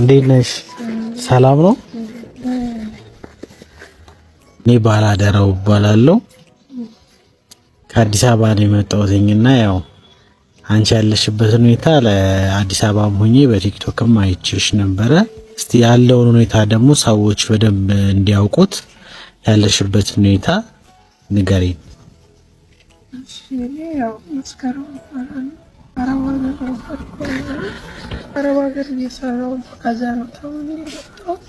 እንዴት ነሽ? ሰላም ነው። እኔ ባላደራው እባላለሁ ከአዲስ አበባ ነው የመጣሁትና ያው አንቺ ያለሽበትን ሁኔታ ለአዲስ አበባም ሆኜ በቲክቶክም አይቼሽ ነበረ። እስቲ ያለውን ሁኔታ ደግሞ ሰዎች በደንብ እንዲያውቁት ያለሽበትን ሁኔታ ንገሪኝ። አረብ ሀገር እየሰራው ከዛ ነው ታሁን የመጣሁት።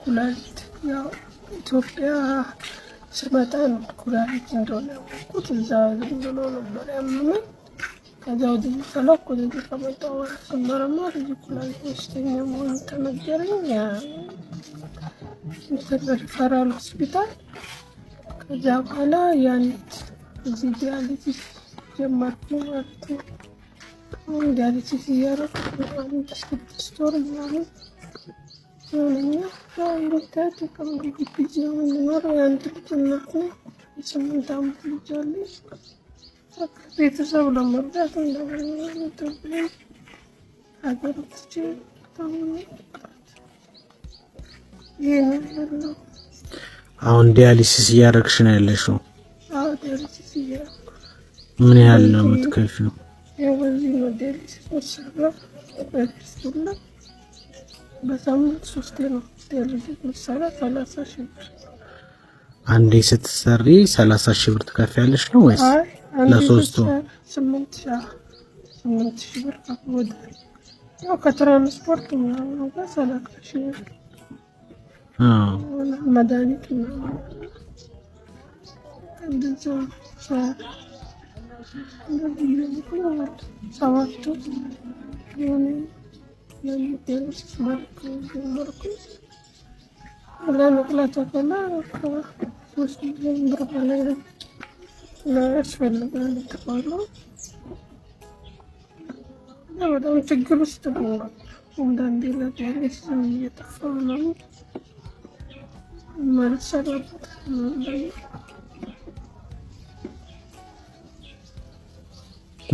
ኩላሊት ያው ኢትዮጵያ ስመጣ ነው ኩላሊት እንደሆነ ያወቅሁት። እዛ ዝም ብሎ ነበር ያመመኝ። ከዛ ወደ ተላኩ ወደ ከመጣ ወራ ስመረመር እዚ ኩላሊት በሽተኛ መሆኑ ተነገረኝ። ሪፈራል ሆስፒታል። ከዛ በኋላ ያንት እዚህ ዲያሊሲስ ጀመርኩ ማለት ነው። ዳሪቲ ሲያረቁ ስድስት ወር ምናምን ይሆነኛል። እንደምታያቸው የምንኖር የአንድ ልጅ እናት የስምንት ዓመት ልጅ ቤተሰብ ለመርዳት እንደምንጠብለን ሀገር ትቼ ያለው። አሁን ዲያሊሲስ እያደረግሽ ነው ያለሽ ነው? ምን ያህል ነው የምትከፊው? የወዚህ ሞዴል ሶስት በፊስቱላ በሳምንት ሶስቴ ነው ቴሌቪዥን ምሳሌ ሰላሳ ሺህ ብር አንዴ ስትሰሪ ሰላሳ ሺህ ብር ትከፍያለሽ ነው ወይስ ለሶስቱ? ስምንት ሺህ ብር ወደ ያው ከትራንስፖርት ምናምን ጋር ሰላሳ ሺህ ብር መድኃኒት ምናምን እንደዚያ ሰባቱ የሆነ በጣም ነው።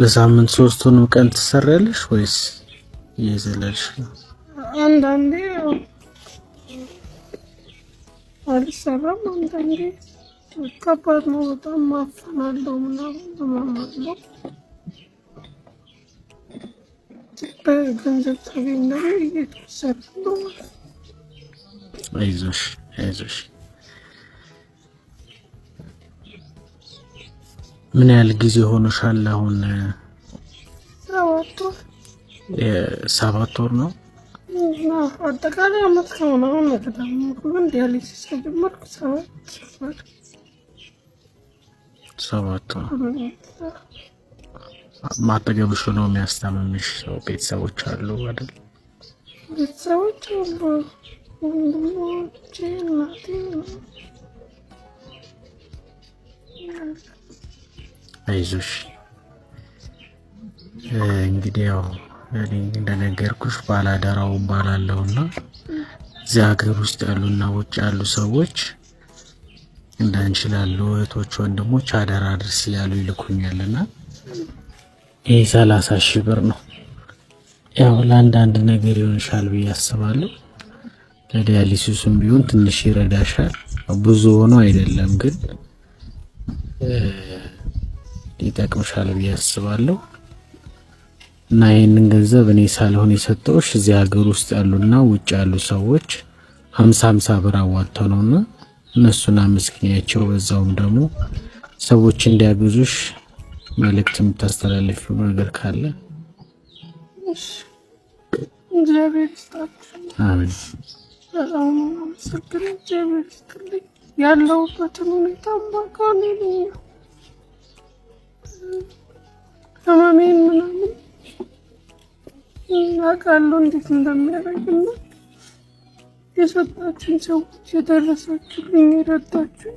ለሳምንት ሶስቱንም ቀን ትሰሪያለሽ ወይስ እየዘለልሽ ነው? አንዳንዴ አልሰራም፣ አንዳንዴ ከባድ ነው በጣም ማፈናለው ምናምን በማማለው በገንዘብ ታገኝ ደግሞ እየተሰራ ነው። አይዞሽ አይዞሽ ምን ያህል ጊዜ ሆኖሻል? አሁን ሰባት ወር ነው። አጠቃላይ አመት ከሆነውን ግን ዲያሊሲስ ከጀመርኩ ሰባት ሰባት ነው። ማጠገብሽ ሆኖ የሚያስታምምሽ ሰው ቤተሰቦች አሉ አይደል? ቤተሰቦች አሉ፣ ወንድሞቼ፣ እናቴ ነው አይዞሽ። እንግዲህ ያው እንደነገርኩሽ ባላደራው ባላለው እና እዚህ ሀገር ውስጥ ያሉና ውጭ ያሉ ሰዎች እንዳንቺ ላሉ እህቶች ወንድሞች አደራ አድርስ እያሉ ይልኩኛልና ይህ ሰላሳ ሺህ ብር ነው። ያው ለአንዳንድ ነገር ይሆንሻል ብዬ አስባለሁ። ለዲያሊሲሱም ቢሆን ትንሽ ይረዳሻል። ብዙ ሆኖ አይደለም ግን ይጠቅምሻል ብዬ አስባለሁ። እና ይህንን ገንዘብ እኔ ሳልሆን የሰጠውሽ እዚህ ሀገር ውስጥ ያሉና ውጭ ያሉ ሰዎች ሀምሳ ሀምሳ ብር አዋጥተው ነውና እነሱን አመስግኛቸው። በዛውም ደግሞ ሰዎች እንዲያግዙሽ መልእክት የምታስተላለፊው ነገር ካለ ያለውበትን ሁኔታ አማካኔ ነው ህመሜን ምናምን አውቃለሁ እንዴት እንደሚያደርግና የሰጣችሁን ሰዎች የደረሳችሁልኝ የረዳችሁ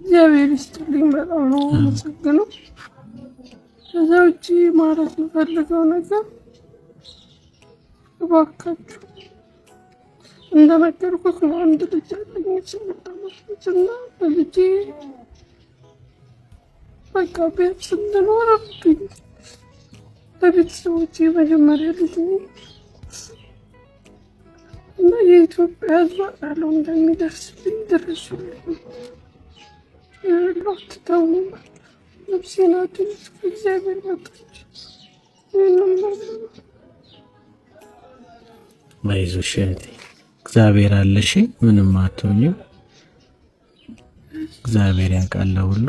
እግዚአብሔር ይስጥልኝ። በጣም ነው አመሰግነው። ከዛ ውጭ ማለት የምፈልገው ነገር እባካችሁ እንደነገርኩት ነው አንድ ልጅ አለኝ ስምንት ዓመት ልጅ እና በልጄ በቃ ቢያንስ እንድኖር አለብኝ። ለቤተሰቦቼ የመጀመሪያ ልጅ እና የኢትዮጵያ ሕዝብ አውቃለሁ እንደሚደርስልኝ ድረሱልኝ። ሎት ተው ነፍሴን አድን እግዚአብሔር መጣች። አይዞሽ እህቴ እግዚአብሔር አለሽ፣ ምንም አትሆኝም። እግዚአብሔር ያውቃል ሁሉ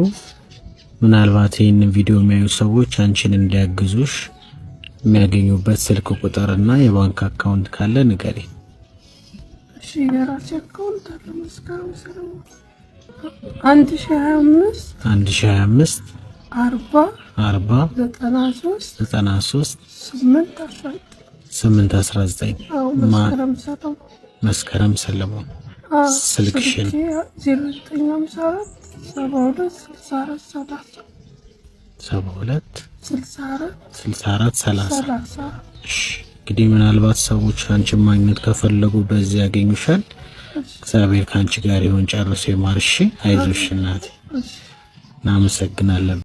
ምናልባት ይህንን ቪዲዮ የሚያዩ ሰዎች አንቺን እንዲያግዙሽ የሚያገኙበት ስልክ ቁጥር እና የባንክ አካውንት ካለ ንገሪ። አንድ ሺ ሀያ አምስት አርባ አርባ ዘጠና ሶስት ስምንት አስራ ዘጠኝ መስከረም ሰለሞን ስልክሽን ሰባ ሁለት እንግዲህ ምናልባት ሰዎች አንቺን ማግኘት ከፈለጉ በዚህ ያገኙሻል። እግዚአብሔር ከአንቺ ጋር ይሆን። ጨርሶ ይማርሽ። አይዞሽ እናቴ። እናመሰግናለን።